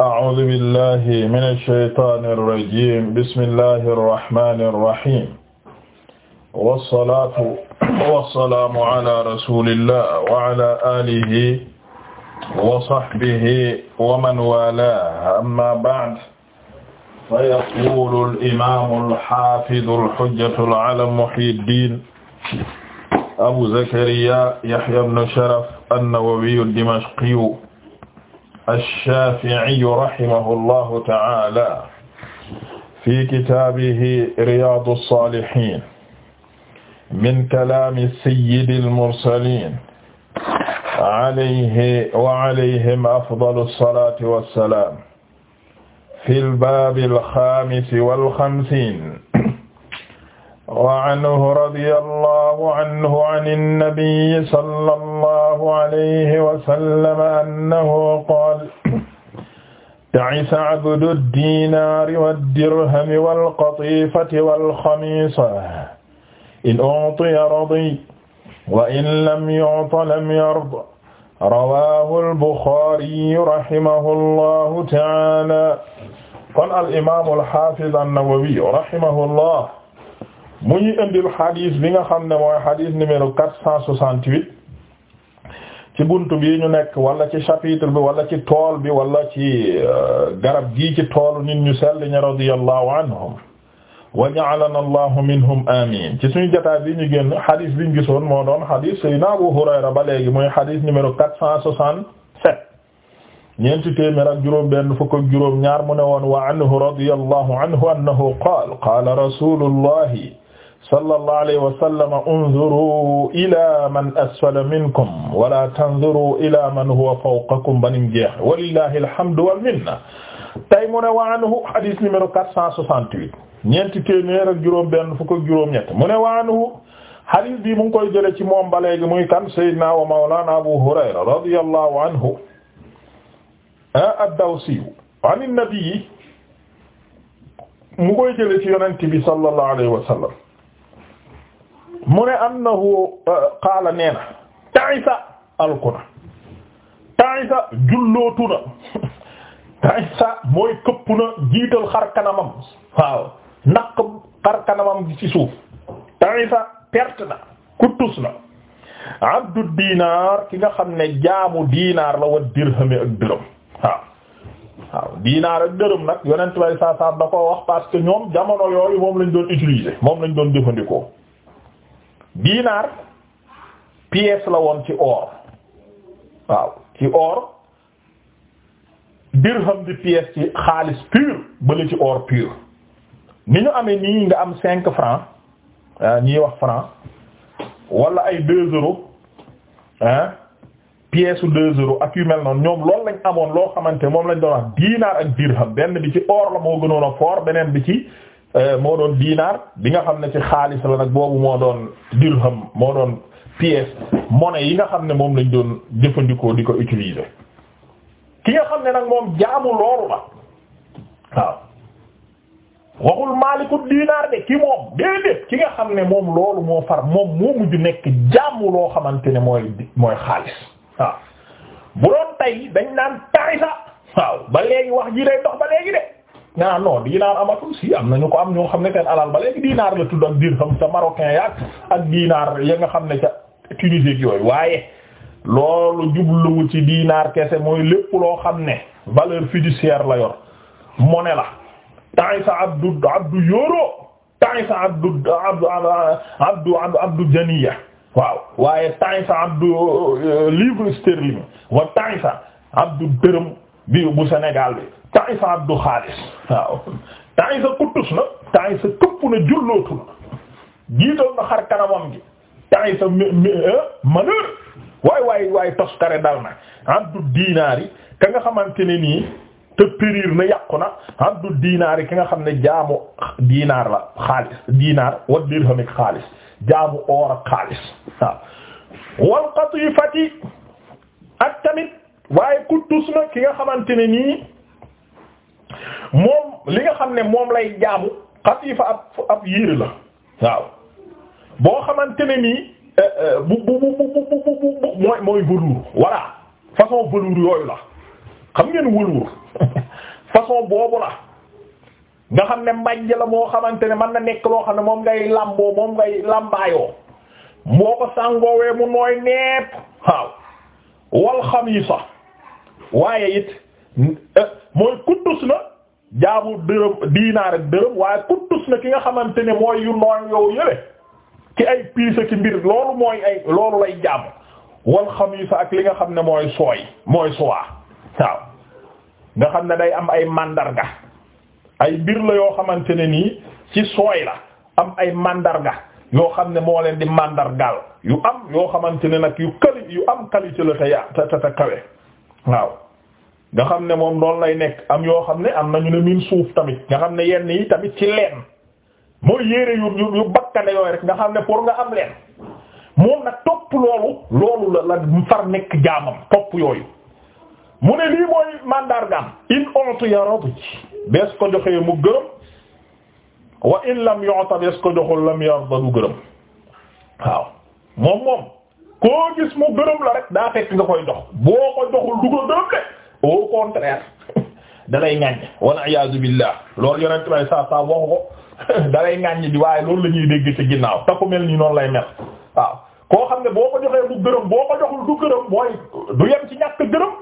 أعوذ بالله من الشيطان الرجيم بسم الله الرحمن الرحيم والصلاة والسلام على رسول الله وعلى آله وصحبه ومن والاه أما بعد فيقول الإمام الحافظ الحجة العلم محي الدين أبو زكريا يحيى بن شرف النووي الدمشقي ash-Shaafi'i rahimahullahu ta'ala fi kitaabihi Riyaadu s-Saalihiin min kalaami sayyidil mursaliin alayhi wa alayhim afdalu s-salaati wa s-salaam fil baabil xaamisi wal xamsiin وعنه رضي الله عنه عن النبي صلى الله عليه وسلم أنه قال تعس عبد الدينار والدرهم والقطيفة والخميصة إن أعطي رضي وإن لم يعط لم يرض رواه البخاري رحمه الله تعالى قال الإمام الحافظ النووي رحمه الله mu ñuy indil xadis bi nga xam ne mooy xadis numéro quatre cent soixante-huit ci bunt bi ñu nekk wala ci chapitre bi wala ci tool bi wala ci euh, garab gii ci tool nit ñu sell ñi radiyallahu anhum wa ja'alana allahu minhum amin ci suñu jotaay bi ñu génn xadis bi ñu gisoon moo doon xadis Seydina Abu Hurayra ba léegi mooy xadis numéro quatre cent soixante-sept ñeenti téeméer ak juróom benn fukk ak juróom wa anhu radiyallahu anhu annahu qaala qaala rasulullahi sallallahu alayhi wa sallam unzuru ila man asfala minkum wala tanzuru ila man huwa fawqakum banim jeex walillahi alhamdu wal minna tey mu ne wa anhu hadith numéro 468 ñeenti téeméer ak juróom-benn fukk ak juróom-ñett mu ne wa anhu hadith bi mu ngi koy jëlee ci moom ba léegi muy kan Seydina wa Mawlana Abu Hurayra radiyallahu anhu ah, ad-Dawsi an an-nabi mu koy jëlee ci yonent bi sallallahu alayhi wa sallam mu ne annahu euh, qaala nee na ta'isa alkuna ta'isa jullootu na ta'isa mooy këpp na jiital xar kanamam waaw naq xar kanamam ci suuf ta'isa perte na kuttus na abdu diinaar ki nga xam ne jaamu diinaar la wa dirham ak dërëm waaw waaw diinaar ak dërëm nag yonent bay saa saa da ko wax parce que ñoom jamono yooyu moom lañ doon utiliser moom lañ doon jëfandikoo dinaar pièce la woon ci or waaw ci or dirham di pièce ci xaalis pur bële ci or pur ni ñu amee nii nga am cinq francs ah, ñiy wax franc wala ay deux euros ah pièce su deux euros ak yu mel noonu ñoom loolu lañ amoon loo xamante moom lañ doon wax dinaar ak dirham benn bi ci or la moo gënoon a fort beneen bi ci Euh, moo doon diinaar bi nga xam ne ci xaalis la nag boobu moo doon dirham moo doon pièce monnaie yi nga xam ne moom lañ doon jëfandikoo di ko utiliser ki nga xam ne nag moom jaamu loolu la waaw waxul maaliku diinaar de ki moom déedéet ki nga xam ne moom loolu moo far moom moo mujj nekk jaamu loo xamante ne mooy mooy xaalis waaw bu doon tey dañ naan tarisa waaw ba léegi wax ji day dox ba léegi de ñaa non dinaar amatul si am nañu ko am ñoo xam ne seen alal ba léegi dinaar la tudd ak dirham ca marocain yaak ak dinaar ya nga xam ne ca Tunisie yooyu waaye loolu jubluwu ci dinaar kese mooy lépp loo xam ne valeur fiduciaire la yor monnaie la ta'isa abdu abdu euro ta'isa abdu abdu abdu abdu janiya waaw waaye ta'isa abdu euh, livre sterling wa sa abdu dërëm bi bu Sénégal bi Taïsa Abdu Xaalis waaw Taïsa kuttus na Taïsa këpp na jullootu xar kanamam gi Taïsa eh, waay waay toskare dal na Dinaari ka nga xamante ne nii te périr na yàqu na Abdu Dinaari ki nga xam ne jaamu dinaar la xaalis dinaar wa dirham ak xaalis jaamu oor xaalis wal qatifati ak tamit waaye Quddus nag ki nga xamante ne nii moom li nga xam ne moom lay jaamu xatiifa ab ab yiir la waaw boo xamante ne nii eh, eh, bu bu bu bu bu bu mooy mooy velours voilà façon velours yooyu la xam ngeen velours façon boobu la nga xam ne mbàjj la moo xamante ne mën na nekk loo xam ne moom ngay làmboo moom ngay làmbaayoo moo ko sàngoowee mu nooy nepp waaw wal xamiisa waaye it eh, mooy kuddus na jaabu dërëm diinaa ak dërëm waaye kuddus na ki nga xamante ne mooy yu noon yow yële ci ay piise ci mbir loolu mooy ay loolu lay jàmm wal xamiisa ak li nga xam ne mooy sooy mooy soie waaw nga xam ne day am ay mandarga ay mbir la yoo xamante ne nii ci sooy la am ay mandarga yoo xam ne moo leen di mandargaal yu am yoo xamante ne nag yu quali yu am qualité la te ya te te kawe waaw nga xam ne moom noonu lay nekk am yoo xam ne am nañu ne min suuf tamit nga xam ne yenn yi tamit ci leen mooy yére yu yu bakkane yooyu rek nga xam ne pour nga am leen moom nag topp loolu loolu la la far nekk jaamam topp yooyu mu ne lii mooy mandargaam in utiya radi bees ko joxee mu gërëm wa in lam yu'ta bees ko joxul lam yarda du gërëm waaw moom moom koo gis mu gërëm la rek daa fekk nga koy dox boo ko doxul du ko gërëm de au contraire dalay ŋàññ walla iyaazu billah loolu yonent bay saa saa waxu ko dalay ŋàññ di waaye loolu la ñuy dégg ci ginnaaw ta ko mel nii noonu lay mel waaw koo xam ne boo ko joxee mu gërëm boo ko joxul du gërëm mooy du yem ci ñàkk gërëm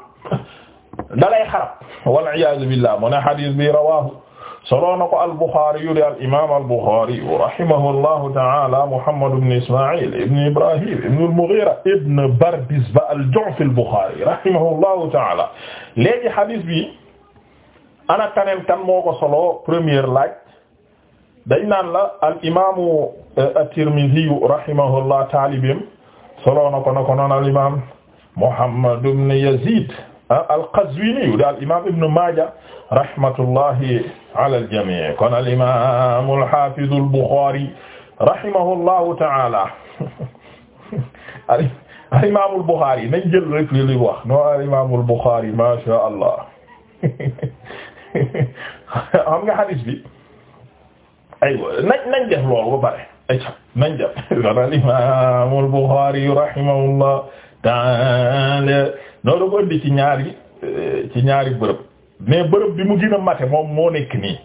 dalay xarab walla iyaazu billah mu ne xadiis bi rawaahu soloo na ko al-Bukhari yu de al imaam al-Bukhari rahimahullahu ta'ala Muhammad ibn Isma'il ibn Ibrahim ibn al-Mughira ibn Bardizba al-Ju'fi al-Bukhari rahimahullahu ta'ala léegi hadith bi ana kaneen kan moo ko soloo première laaj dañ naan la al imaamu euh, at-Tirmidhi rahimahullah taalibim soloo na ko na ko noon al imaam Muhammad ibn Yazid Ah, al-Qazwini daal imaam Ibn Maaja rahmatullahi ala al-jamii kon al-imaam al-haafiz al-Buxaari rahimahullahu ta'ala al-imaam al-Buxaari nañ jël rek li li wax no al-imaam al-Buxaari ma sha Allah xam nga hadiis bi aywa nañ nañ def loolu ba pare ayca nañ def kon al-imaam al-Buxaari rahimahullahu ta'ala noonu da ko indi ci ñaari euh, ci ñaari bërëb mais bërëb bi mu gën a mate moom moo nekk nii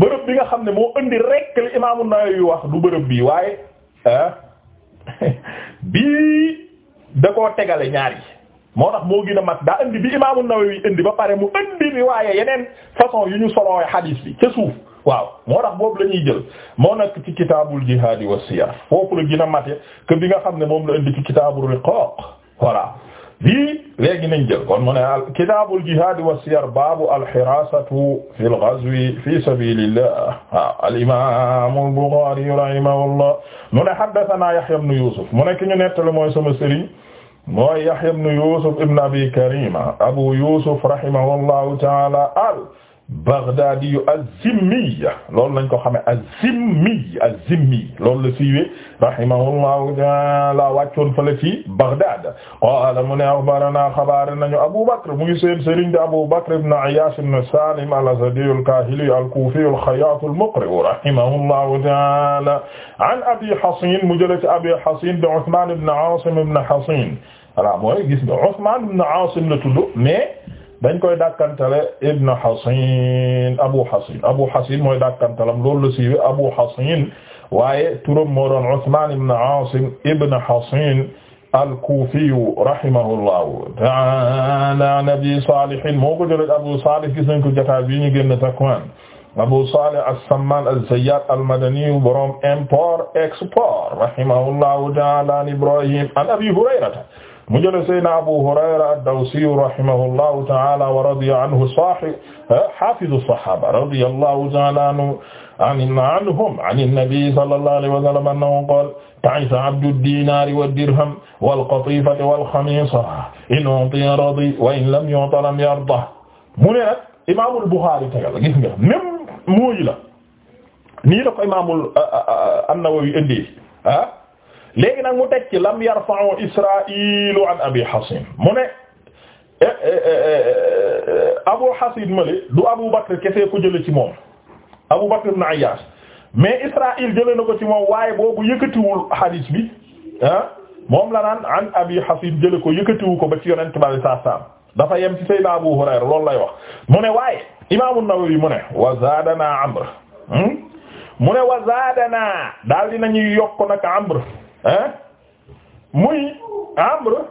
bërëb bi nga xam ne moo indi rek li imaamu Nawawi wax du bërëb bii waaye ah bii da koo tegale ñaar yi moo tax moo gën a mat daa indi bi imaamu Nawawi indi ba pare mu indi riwaaye yeneen façon yu ñu solooy hadith bi ca suuf waaw moo tax boobu la ñuy jël moo nekk ci kitaabul jihaadi wa siyar foofu la gën a mate que bi nga xam ne moom la indi ci kitaabul riqaaq voilà bii léegi nañ jël kon mu ne kitaabul jihaad wa siyar baabu alxiraasatu fil gazwi fi sabiilillah al imaamul buxaari rahimahullah mu ne haddasanaa Yahya ibn Yuusuf mu ne ki ñu nettali mooy sama sëriñ mooy Yahya ibn Yuusuf ibn Abi Karima Abu Yuusuf rahimahullahu ta'aala Baghdadi yu az-Zimmi loolu lañ ko xamee az-Zimmi az-Zimmi loolu la siiwee rahimahullahu ta'ala wàccoon fële ci Baghdad qaala mu ne axbaranaa xabaar nañu Abu Bakr mu ngi seen sëriñ di Abu Bakr ibn Ayyash ibn Salim al-Asadi al-Kahili al-Kufi al-Khayyat al-Muqri rahimahullahu ta'ala an Abi Hasin mu jëlee ci Abi Hasin di Uthman ibn Asim ibn Hasin voilà mooy gis nga Uthman ibn Asim la tudd mais dañ koy dàkkantale Ibn Hasin Abu Hasin Abu Hasin mooy dàkkantalam loolu la siiwee Abu Hasin waaye turam moo doon Usman ibn Asim Ibn Hasin al-Kufi rahimahullahu ta'ala an Abi Salih moo ko jëlee Abu Salih gis nañ ko jotaay bi ñu génn Zakwaan Abu Salih as-Samman az-Zayyat al-Madani borom import export rahimahullahu ta'ala an Ibrahim an Abi Hurayrata mu jële Seydina Abu Hurayra ad-Dawsi rahimahullahu ta'ala wa radiya anhu sahib hafizu sahaba radiyallahu ta'ala anhu anhum an an-nabi sallallahu alayhi wa sallam annahu qala ta'isa abdu ad-dinari wad-dirham wal-qatifati wal-khamisati in u'tiya radi wa in lam yu'ta lam yarda mu ne nag Imaamul Buxaari tegal gis nga même mooy la nii la ko Imaamul An-Nawawi indi ah léegi nag mu teg ci lam yarfa'u Israa'ilu an Abi Hasin mu ne eh, eh, eh, Abu Hasin mali du Abu Bakr kese ko jële ci moom Abu Bakr ibn Ayyash mais Israa'il jële na ko ci moom waaye boobu yëkkatiwul hadith bi ah moom la naan an Abi Hasin jële ko yëkkatiwu ko ba ci Yonent bi saa saam dafa yem ci Sayyidina Abu Hurayra loolu lay wax mu ne waaye Imaam An-Nawawi mu ne wa zaadana Amr hmm, mu ne wa zaadana daal dinañuy yokk nag Amr ah muy Amr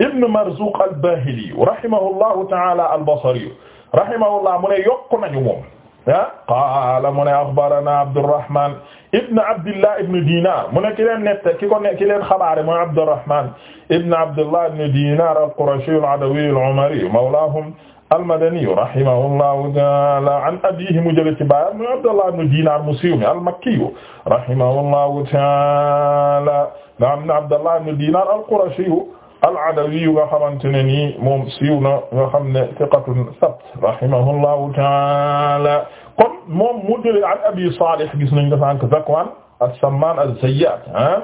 ibn Marzuq al-Bahili rahimahullahu ta'ala al-Basri rahimahullah mu ne yokk nañu moom ah qaala mu ne axbarana Abdurrahman ibn Abdillah ibn Dinar mu ne ki leen nett ki ko ne ki leen xabaare mooy Abdurrahman ibn Abdillah ibn Dinar al-Qurashi al-Adawi al-Umari mawlahum almadaniyu rahimahullahu taala an abiihi mu jële ci baayam mu Abdallah ibn Diinaar mu siiw mi almakkiyu rahimahullahu taala nga xam ne Abdallah ibn Diinaar alqurashiyu aladawiyu nga xamante ne nii moom siiw na nga xam ne thiqatun sabt rahimahullahu taala kon moom mu jële an Abi Saalih gis nañ ko sànq Zakwaan as-Sammaan az-Zayyaat ah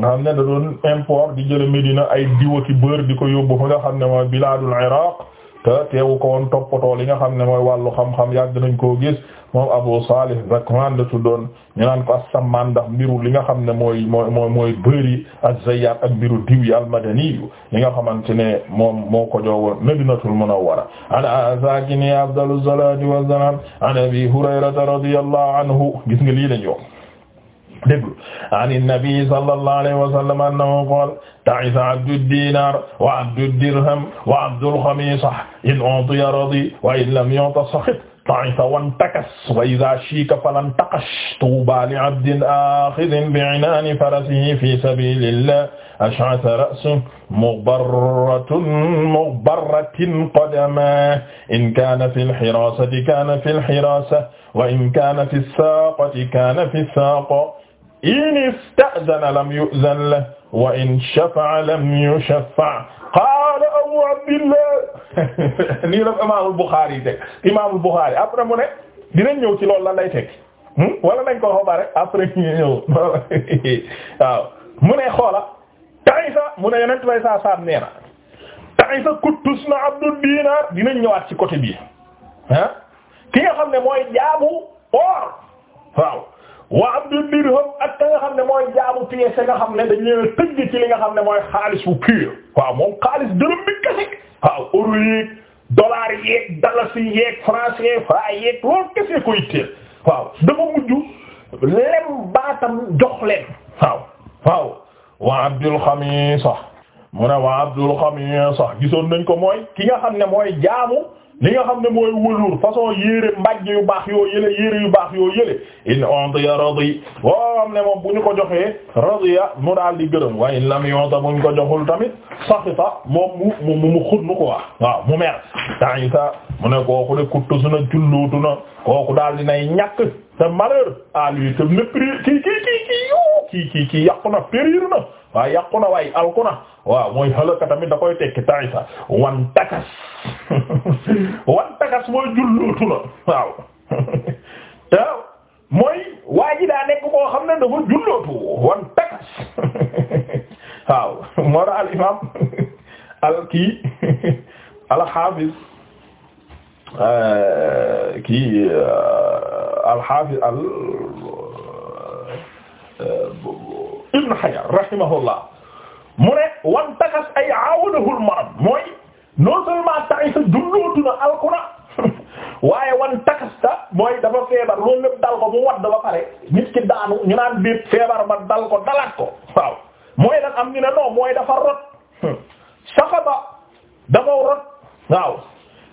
nga xam ne da doon import di jële Medina ay diwa ki beurre di ko yóbbu fa nga xam ne mooy bilaadul Iraaq te teewu ko woon toppatoo li nga xam ne mooy wàllu xam-xam yàgg nañ koo gis moom Abu Salih Zakwan la tuddoon ñu naan ko as-Samman ndax mbiru li nga xam ne mooy mooy mooy mooy bëri ak mbiru diw yi al-Madani li nga xamante ne moom moo ko joowoon Madinatul Munawwara ala wa salam an Abi Hurayrata radiyallahu anhu gis nga lii lañ yoon déglu an innabi sallallahu alayhi wa sallam annahu qaala ta'isa abdu dinar wa abdu dirham wa abdul xamisa in utiya radi wa in lam yu'ta sakhit ta'isa wantakas wa idha shika falantaqish tuuba li abdin akhidhin bi'inani farasihi fi sabilillah ash'atha ra'suhu mughbarratun mughbarratun qadamahu in kana fil hirasati kana fil hirasati wa in kana fis saqati kana fis saqati in ista'dana lam yu'zan lahu wa in shafa'a lam yushaffa' qaala abu abdillah nii la imaamul Buxaari teg imaamul Buxaari après mu ne dinañ ñëw ci loolu la lay teg hmm? wala nañ ko xobare après ñu ñëw waaw mu ne xoola ta'isa mu ne yonent bay saa saam nee na ta'isa kuttus na abdul dinar dinañ ñëwaat ci côté bi ah ki nga ne mooy jaabu or waaw wa abdu dirham ak ka nga xam ne mooy jaamu pièce nga xam ne dañ leen tëgg ci li nga xam ne mooy xaalis bu pur waaw moom xaalis dërëm bi kese waaw euro yeeg dollar yeeg dalasi yeeg franc CFA yeeg loolu kese koy teel waaw dafa mujj lem baatam jox leen waaw waaw wa abdul xamisa mu ne wa abdul xamisa gisoon nañ ko mooy ki nga xam ne mooy jaamu li nga xam ne mooy wëluur façon yére mbàjj yu baax yoo yële yére yu baax yoo yële in ontiya radi boo xam ne moom bu ñu ko joxee radiya mu daal di gërëm waaye in lam yonta bu ñu ko joxul tamit saxita moom mu mu mu xutnu ko waaw mu mer ta'isa mu ne kooku de di su na jullootu na kooku daal di nay ñàkk te malheur à lui te mépris kii kii kii yoo kii kii kii yàqu na périr na waaw yàqu na waaw mooy halaka tamit da koy tekki ta'isa wan takas wan takas mooy jullootu la waaw te mooy waa ji daa nekk koo xam ne dafa jullootu wan takas waaw moo tax al imaam al kii al xaafis eh, kii eh, al xaafis al eh, ibn Hajar rahimahullah mu ne wan takas ay aawadahu al marad mooy non tarayta jullootu na alquran waaye wan takasta mooy dafa feebar loolu lépp dal ko mu wadd ba pare nit ki daanu ñu naan biir feebar ba dal ko dalaat ko waaw mooy lan am ñu ne non dafa rot saxaba dafa rot waaw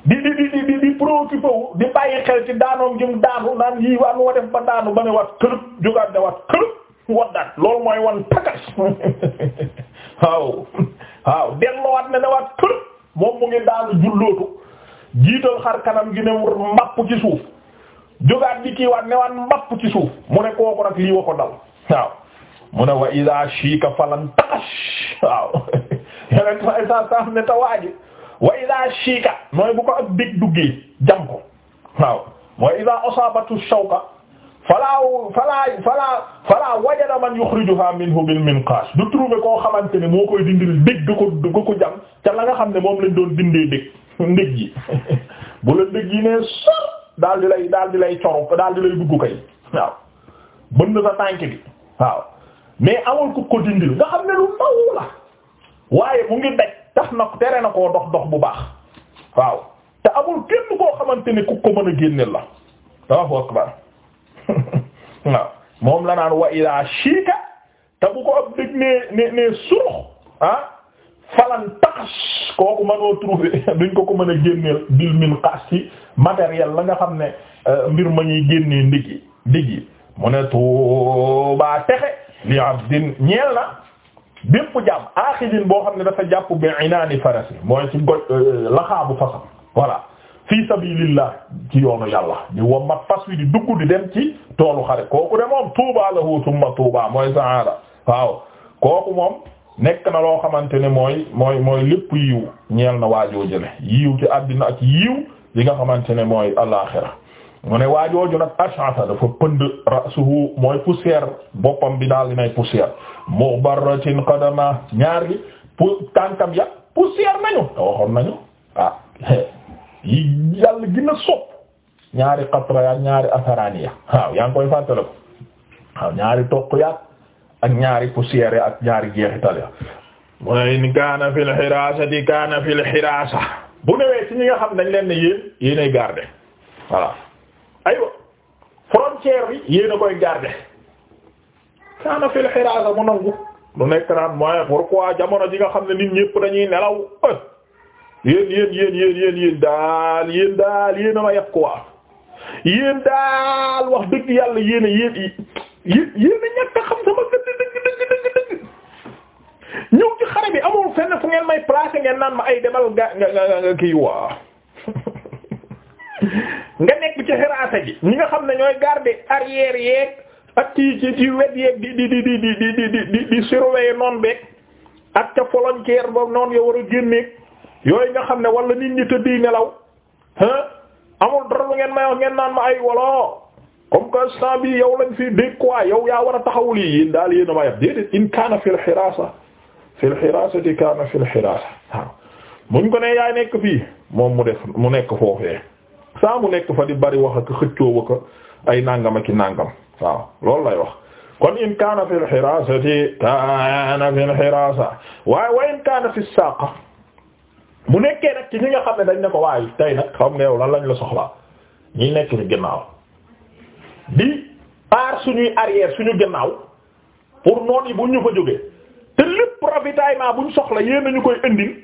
di di di di di di préoccupé wu di bàyyi xel ci daanoom jëm daanu naan yii waa nu wa def ba daanu ba ne wat këlëb jógaat da wat këlëb waddaat loolu mooy wan takas waaw waaw delloowaat ne ne wat këlëb moom mu ngi daanu jullootu jiital xar kanam gi ne mbapp ci suuf jógaat di kiiwaat ne waat mbapp ci suuf mu kooku nag lii ko dal waaw mu wa ida chiika falan takash waaw yeneen fay sa sam ne ta waaji wa ida chiika mooy bu ko ak duggee jam waaw wa ida osabatu shawka falaa falaa falaa falaa wajada man yukhrijuha minhu bil minqash du trouver koo xamante ne moo koy dindil dég ga ko ga ko jam te la nga xam ne moom lañ doon dindee dég ndég yi bu la ndég yi ne sor daal di lay daal di lay coro daal di lay dugg kay waaw bën na sa tànk bi waaw mais amul ku ko dindil nga xam ne lu ndaw la waaye mu ngi daj tax na tere na ko dox dox bu baax waaw te amul kenn koo xamante ne ku ko mën a génneel la tawax akbar waaw moom la naan wa ilaa shiika te bu ko ab dëgg nee nee nee surux ah, falan tax kooku mënoo trouver duñ ko ko mën a génneel bil min xaas ci matériel la nga xam ne euh, mbir ma ñuy génnee ndigi ndigi mu ne tuubaa texe li abdin ñeel na bépp jàmm aaxidin boo xam ne dafa jàpp bi inaani farasi mooy ci goj euh, laxaabu fasam voilà fi sabilillah ci yoonu yàlla di wommat fas wi di dugg di dem ci toolu xare kooku de moom tuuba lahu tumma tuuba mooy saada waaw kooku moom nekk na loo xamante ne mooy mooy mooy yiw ñeel na waajooju ne yiw ci àddina ak yiw li nga xamante ne mooy alaaxira mu ne waajooju nag ash'asa dafa pënd rasuhu mooy poussière boppam bi daal di nay poussière mughbaratin qadama ñaar gi tànkam ya nañu te waxoon nañu ah yi yàlla gën sopp ñaari xatra yaak ñaari asaraani ya yaa ngi koy fàttale ko ñaari toq yaak ak ñaari poussière ya ak ñaari jeexital ya mu ne in kaana fil xiraasati kaana fil xiraasa bu newee ci ñi nga xam dañ leen ne yi yéenay garder aywa frontière bi yéen a koy garder kaana fil xiraasa mu nangu lu nekk naan mooy pourquoi jamono ji nga xam ne nit ñépp dañuy nelaw eh, yéen yéen yéen yéen yéen yéen daal yéen daal yéen a ma yàq quoi yéen daal wax dëgg yàlla yéen a yéen yéen yéen xam sama dëgg dëgg dëgg dëgg ñëw ci xare bi amul fenn fu ngeen may placer ngeen naan ma ay demal nga nga nga kii waa nga nekk ci xiraasa gi ñi nga xam ne ñooy garder arrière yeeg ak ci ci ci wet yeeg di di di di di di di di surveiller ak ca frontière ba noonu yow war a génneeg. yooyu nga xam ne wala nit ñi tëddi nelaw amul dara lu ngeen may wax ngeen naan ma ay wolo comme que instant bi yow lañ fi dégg quoi yow yaa war a taxawul yi yéen daal yéen ma yab déedéet in kaana fil xiraasa fil xiraasati kaana fil xiraasa ko ne yaay nekk fii moom mu def mu nekk foofee saa mu nekk fa di bari wax ak xëccoo ko ay nangam ak i nangam waaw loolu lay wax kon in kaana fil xiraasati kaana fil xiraasa waaye wa in kaana fis saaqa bu nekkee nag ci ñi nga xam ne dañ ne ko waaye tey nag xam nga yow lan lañu la soxlaa ñi nekk ñu gannaaw di aar suñuy arrière suñu gannaaw pour noon yi bu ñu fa jógee te lépp a buñ soxla yéen nañu koy indil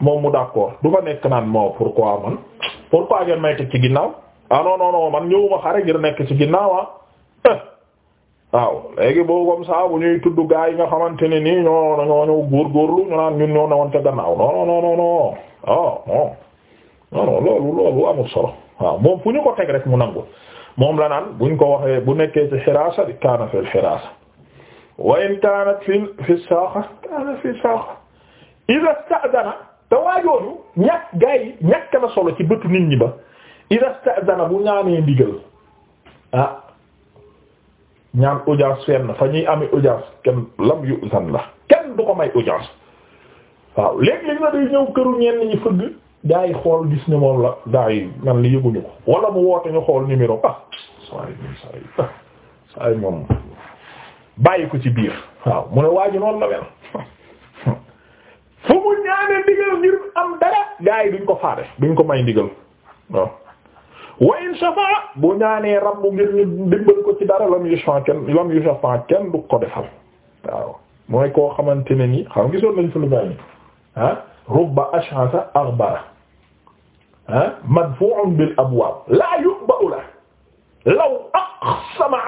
moom mu d'accord du fa nekk naan moo pourquoi man pourquoi ngeen may teg ci ginnaaw ah non non non man ñëwuma xare ngir nekk ci ginnaaw ah waaw léegi boo comme ça bu ñuy tudd gaa yi nga xamante ne nii ñoo ñoo ñoo góorgóorlu ñu naan ñun ñoo newoon te gannaaw oh, non non non loolu loolu amul solo waaw moom fu ñu ko teg rek mu nangu moom la naan buñ ko waxee bu nekkee ci xiraasa di kaana fil xiraasa wa in kaanat fi fi saaxa kaana fi saaxa ida sta'dana te waajooju ñàkk gaa yi ñàkk na solo ci bëtu nit ñi ba ida sta'dana bu ñaanee ndigal ah ñaan audience fenn fa ñuy ami audience kenn lam yu san la kenn du ko may audience waaw léeg-léeg ñëw këru ñenn ñi fëgg gaa xool gis ni moom la gaa yi li yëguñu ko wala mu woote ñu xool numéro ah saa yi moom bàyyi ko ci biir waaw mu ne waa ji noonu la fu mu ñaane ndigal ngir am dara gaa duñ ko faare duñ ko may ndigal waaw wa in shafa'a bu ñaanee rabbu ngir ñu dimbal ko ci dara lam yu shafa'a kenn lam yu shafa'a kenn du ko defal waaw mooy koo xamante ne ni xam gisoon nañ fi lu bari ah rubba ash'asa aghbara ah madfu'un bil abwab la yu'ba'u la law aqsama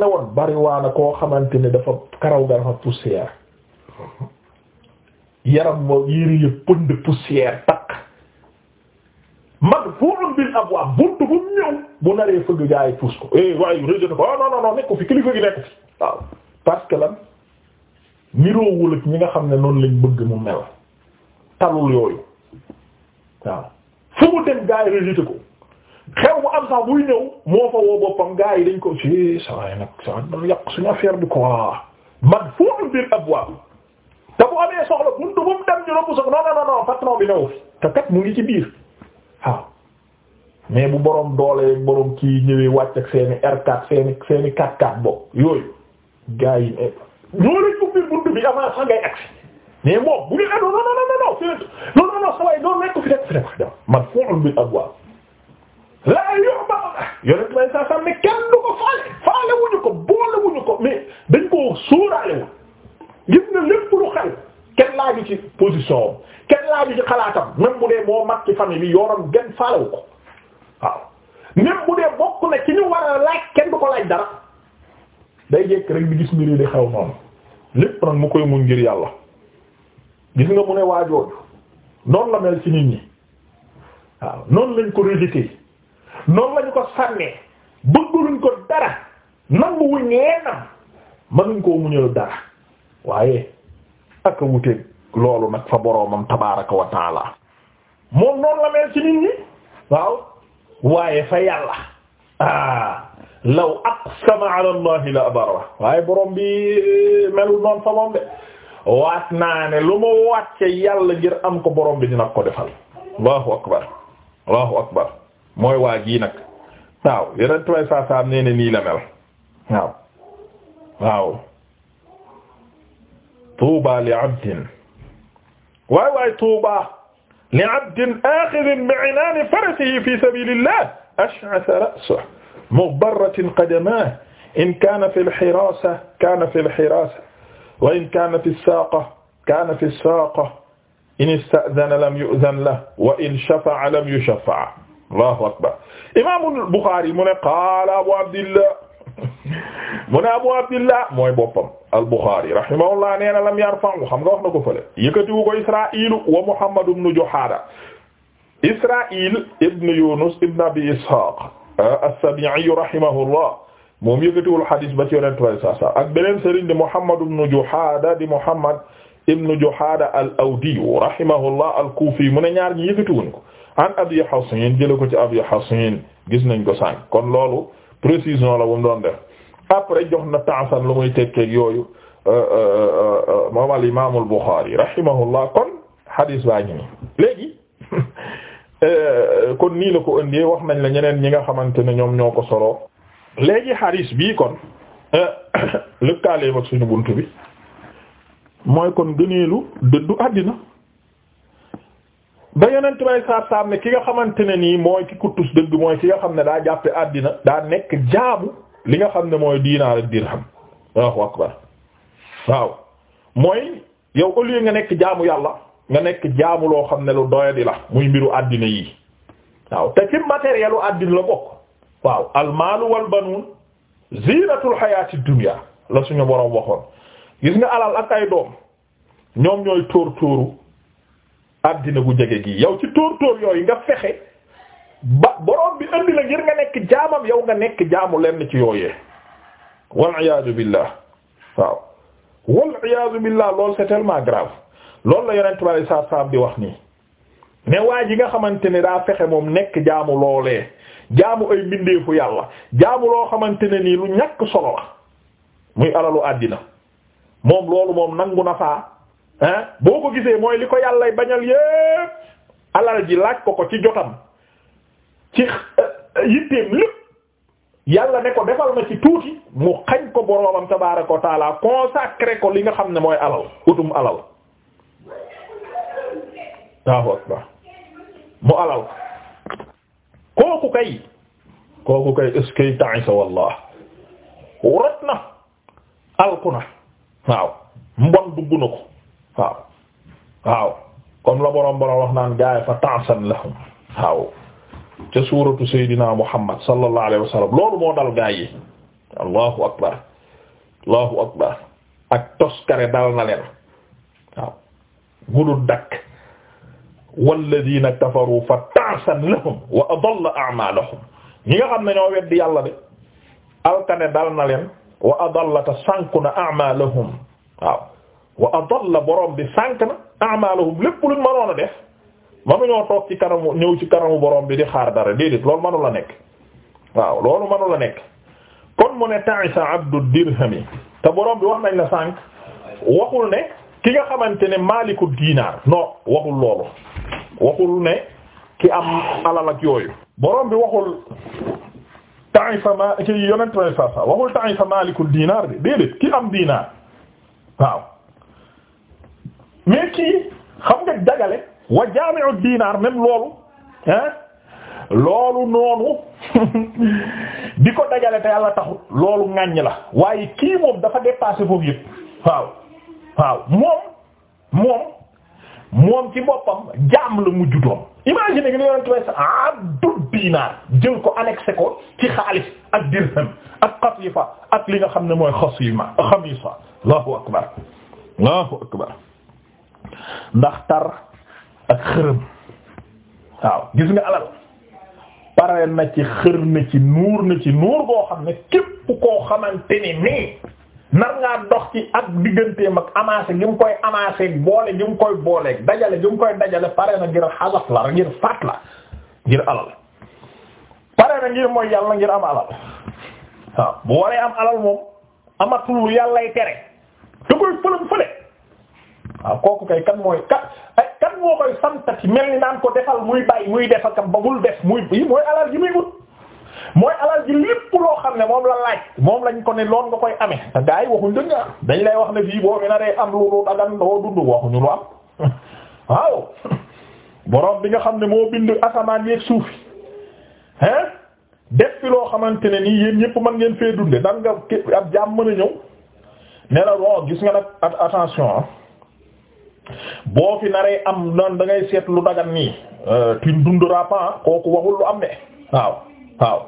ne woon bariwaana koo xamante ne dafa karaw ga dafa poussière yaram moo yére yi pënd poussière takk madfu'un bil abwaab buntu bu ñëw bu naree fëgg gaa yi puus ko eh waaye rejeté ko ah, non non nekk ko fi kilifa gi nekk parce que lan niroowul ak ñi nga xam ne noonu lañ bëgg mu mel talul yooyu waaw fu mu dem gaa yi rejeté ko xew mu am sax buy ñëw moo fa woo boppam gaa yi dañ ko ci eh, saa nag saa yi nag yàq suñu affaire bi quoi madfu'un bil abwaab te bu amee soxla buntu bu kat mu ngi ci biir waaw bu borom doolee borom kii ñëwee wàcc seeni R4 seeni seeni 4x4 yooyu gars yi eh, ñoo leen ubbi buntu bi avant sax ngay agsi mais bu ñu ah, non non non non non non non non sa waay doon nekk fi nekk fi nekk fi dem man foofu bi ak waaw. laa yomba yonent kenn du faale faale wuñu ko boole wuñu ko mais dañ koo sóoraale wu. gis na lépp lu xel kenn laaju ci position kenn laaju ci xalaatam même bu dee moo mag ci famille yoonam gën faalewu ko waaw même bu dee bokk na ci ñu war a laaj kenn du ko laaj dara day jekk rek bi gis mbir yi di xew noonu lépp nag mu koy muñ ngir yàlla gis nga mu ne waajooju noonu la mel ci nit ñi waaw noonu lañ ko rejeté noonu lañ ko sànnee bëggaluñ ko dara nanguwuñ leenam mënuñ koo muñal dara waaye ak a wuteeg loolu nag fa boroomam tabaraka wa taala moom noonu la mel ci nit waaw waaye fa yàlla ah law aqsama ala la abarra waaye borom bi melul fa moom waat naa ne lu ma wàcce yàlla ngir am ko borom bi dina ko defal allahu akbar allahu akbar mooy waa gii nag waaw yeneen tubaab saa saa am nee nii la mel waaw waaw. tuuba li abdin waay waay tuuba li abdin axidin bi inaani farasihi fi sabilillah ash'atha ra'suhu mughbaratin qadamahu in kaana fi al-hiraasa kaana fi al-hiraasa wa in kaana fi as-saaqa kaana fi as-saaqa in ista'dhana lam yu'dhan lahu wa in shafa'a lam yushaffa'a Allahu akbar imaam al-Buxaari mu ne qaala Abu Abdillah mu ne Abu Abdillah mooy boppam al-Bukhari rahimahullah nee lam yarfa'u xam nga wax na ko fële yëkkatiwu ko Israa'il wa Muhammad ibn Juhaada Israa'il ibn Yunus ibn Abi Ishaq as-Sabi'i rahimahullah moom yëkkatiwul xadis ba ci yonent way sa sa ak beneen sëriñ di Muhammad ibn Juhaada di Muhammad ibn Juhaada al-Awdi rahimahullah al-Kufi mu ne ñaar ñi yëkkatiwuñ ko an Abi Hasin jële ko ci Abi gis nañ ko sànq kon loolu précision après jox na taasan lu muy tekkeeg yooyu euh, euh, euh, moom al imaam al Buxaari rahimahullah kon xadiis baa ngi nii léegi kon nii la ko indee wax nañ la ñeneen ñi nga xamante ne ñoom ñoo ko solo léegi xadiis bii kon lëkkaaleem ak suñu bunt bi mooy kon gëneelu dëddu àddina ba yonent bay saar saar ne ki nga xamante ne nii mooy ki kuttus dëgg mooy ki nga xam ne daa jàppe àddina daa nekk jaabu li nga xam ne mooy diinaar ak dirham Allahu akbar waaw mooy yow au lieu nga nekk jaamu yàlla nga nekk jaamu loo xam ne lu doyadi la muy mbiru àddina yi waaw te ci matériel u àddina la bokk waaw almaalu wal ziinatul xayaati dunya la suñu boroom waxoon gis nga alal ak ay doom ñoom ñooy tóor tóoru àddina gu jege gi yow ci tóor tóor yooyu nga fexe ba borom bi andi la ngir nga nekk jaamam yow nga nekk jaamu lenn ci yooyee wal iyaadu billah waaw wal iyaadu billah loolu c'est tellement grave loolu la yonent bi saa saam di wax nii ne waa ji nga xamante ne daa fexe moom nekk jaamu loolee jaamu ay mbindeefu yàlla jaamu loo xamante ne nii lu ñàkk solo la muy alalu àddina moom loolu moom nangu na faa boo ko gisee mooy li ko yàllay bañal yépp alal ji laaj ko ko ci jotam ci euh, yitteem lépp yàlla ne ko defal ma ci tuuti mu xañ ko boroomam tabaaraka wa taala ko li nga xam ne mooy alal utum alal mu alal kooku kay kooku kay eskay ta'isa wallah rot na alku na waaw mbon dugg na ko waaw waaw comme la boroom boroom wax naan gaay fa ta'san lahum waaw ca suuratu Seydina Muhammad sallallahu alayhi wa sallam loolu moo dal gaa yi allahu akbar allahu akbar ak toskare dal na leen waaw gudul dakk walladina kafaru fa ta'san lahum wa adalla a'malahum ñi nga xam ne ñoo weddi yàlla de alkane dal na leen wa adalla ta sànku na a'malahum waaw wa adalla borom bi sànk na a'malahum lépp luñ mënoon a def manuñoo toog ci kanamu ñëw ci kanamu borom bi di xaar dara déedéet loolu manu la nekk waaw loolu manu la nekk kon mu ne ta'isa abdu dirhami te borom bi wax nañ la sànq waxul ne ki nga xamante ne maaliku diinaar non waxul loolu waxul ne ki am alal ak yooyu borom bi waxul ta'isa ma ci yonent ma sa ki am diinaar waaw mais kii xam nga dagale wa jaami'u diinaar même loolu ah loolu noonu di ko dajale te yàlla taxut loolu ŋàññ la waaye kii moom dafa dépassé foofu yëpp waaw waaw moom moom moom ci boppam jaam la mujju doom imagine gi ne yonent way sa abdu ko annexé ko ci xaalis ak dirham ak qatifa ak li nga xam ne mooy xasima xamisa allahu akbar allahu akbar ndax ak xërëm waaw gis nga alal pare na ci xër na ci nuur na ci nuur boo xam ne képp koo xamante ni nii nar ngaa dox ci ak digganteem ak amassé gi mu koy amassé boole gi mu koy booleeg dajale gi mu koy dajale pare na ngir xasaf la ngir faat la ngir alal pare na ngir mooy yàlla ngir am alal waaw bu waree am alal moom amatul lu yàllay tere da koy fëlam fële waaw kooku kay kan mooy kan ay kan moo koy santati mel ni naan ko defal muy bàyyi muy def ak ba mu def muy mooy alal ji muy ut mooy alal ji lépp loo xam ne moom la laaj moom lañ ko ne loon nga koy amee te gars yi waxuñ dëgg dañ lay wax ne fii boo fi naree am lu lu dagan doo dund waxuñu lu am waaw borom bi nga xam ne moo bind asamaan yeeg suuf hein def fi loo xamante ne nii yéen ñëpp mën ngeen fee dunde dan nga ab jaam mën a ñëw ne la bon oh, gis nga nag attention ah. boo fi naree am noonu da ngay seet lu dagan nii euh, tu ne dunduras kooku waxul lu am ne waaw waaw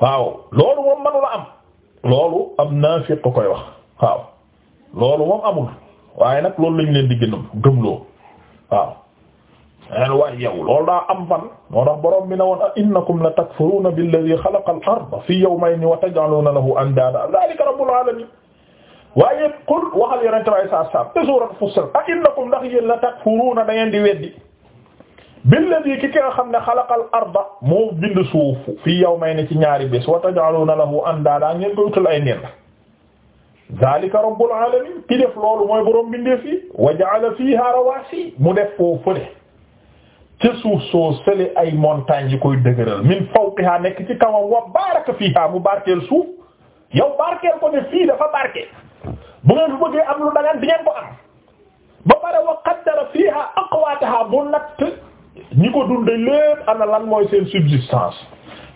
waaw loolu moom manula am loolu am naafiq koy wax waaw loolu moom amul waaye nag loolu lañ leen di gënam gëmloo waaw en waay yow loolu daa am fan moo tax borom bi na woon innakum la takfuruna billadhi khalaqa al-arda fi yawmayni wa taj'aluna lahu andada dhalika rabbul alamin waaye qul waxal yonente te suurat Fussilat a innakum ndax yéen la takfuruuna da di weddi billadi ki ki nga xam ne xalaqal arda moo bind suuf fii yawmayni ci ñaari bés wa taj'aluuna lahu andaadaa ngeen koy utal ay nen zaalika rabbul aalamiin ki def loolu mooy borom bindee fii wa ja'ala fiihaa mu def foo fële ca suuf soo sële ay montagnes yi koy dëgëral min fawqihaa nekk ci kawam wa baaraka fiihaa mu barkeel suuf yow barkeel ko ne fii barke bu ngeen fi bëggee am lu dagan di ngeen ko am ba pare wa qaddara fiha aqwataha bu natt ñi ko dunde lépp ana lan mooy seen subsistance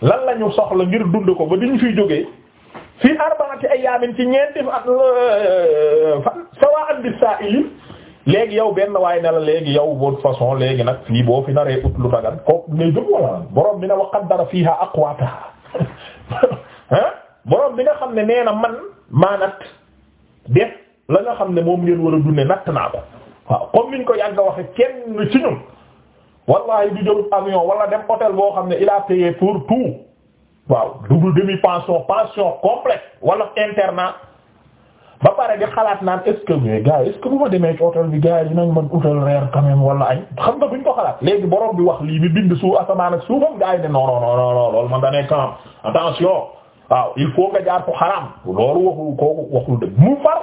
lan la ñu soxla ngir dund ko ba diñ fiy jógee fii arba'ati ayaamin ci ñeenti at euh, fan sawa'an bis-sa'ili léegi yow benn waaye ne léegi yow votre façon léegi nag fii boo fi naree ut lu dagan kooku ngay jóg wala borom bi ne wa qaddara fiha aqwataha borom bi nga xam ne nee na man maanat def la nga xam ne moom ngeen war a dunde natt naa ko waaw comme niñ ko yàgg a waxe kenn ci ñun wallahi du jël avion wala dem hôtel boo xam ne il a payé pour tout waaw double demi pension pension complète wala internat ba pare di xalaat naan est-ce que mais gars est-ce que bu ma demee ci hôtel bi gars yi dinañ mën añ xam nga buñ ko xalaat léegi borom bi wax lii bi bind su asamaan ak suufam gars yi ne non waaw il faut nga jaar fu xaraam loolu waxul kooku waxul dëgg mu far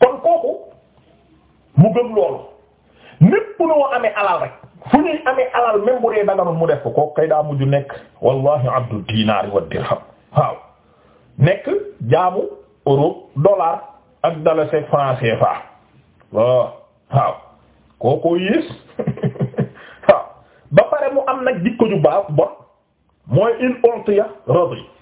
kon kooku mu gëm loolu népp noo amee alal rek fu ñuy amee alal même bu mu def ko kooku kay daa mujj nekk wallahi abdu dinaari wa dirham waaw nekk jaamu euro dollar ak dalasi franc CFA waaw waaw kookoo yées waaw ba pare mu am nag jikko baax bon mooy in ontiya radi